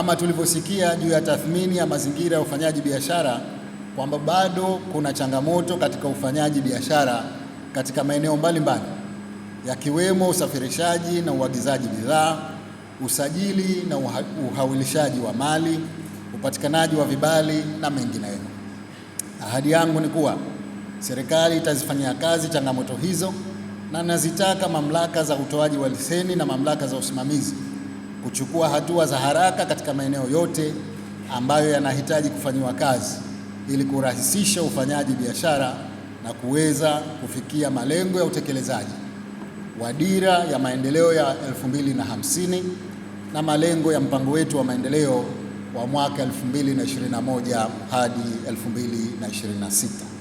kama tulivyosikia juu ya tathmini ya mazingira ya ufanyaji biashara kwamba bado kuna changamoto katika ufanyaji biashara katika maeneo mbalimbali yakiwemo usafirishaji na uagizaji bidhaa, usajili na uhawilishaji wa mali, upatikanaji wa vibali na mengineyo. Ahadi yangu ni kuwa serikali itazifanyia kazi changamoto hizo na nazitaka mamlaka za utoaji wa leseni na mamlaka za usimamizi kuchukua hatua za haraka katika maeneo yote ambayo yanahitaji kufanyiwa kazi ili kurahisisha ufanyaji biashara na kuweza kufikia malengo ya utekelezaji wa dira ya maendeleo ya 2050 na malengo ya mpango wetu wa maendeleo wa mwaka 2021 hadi 2026.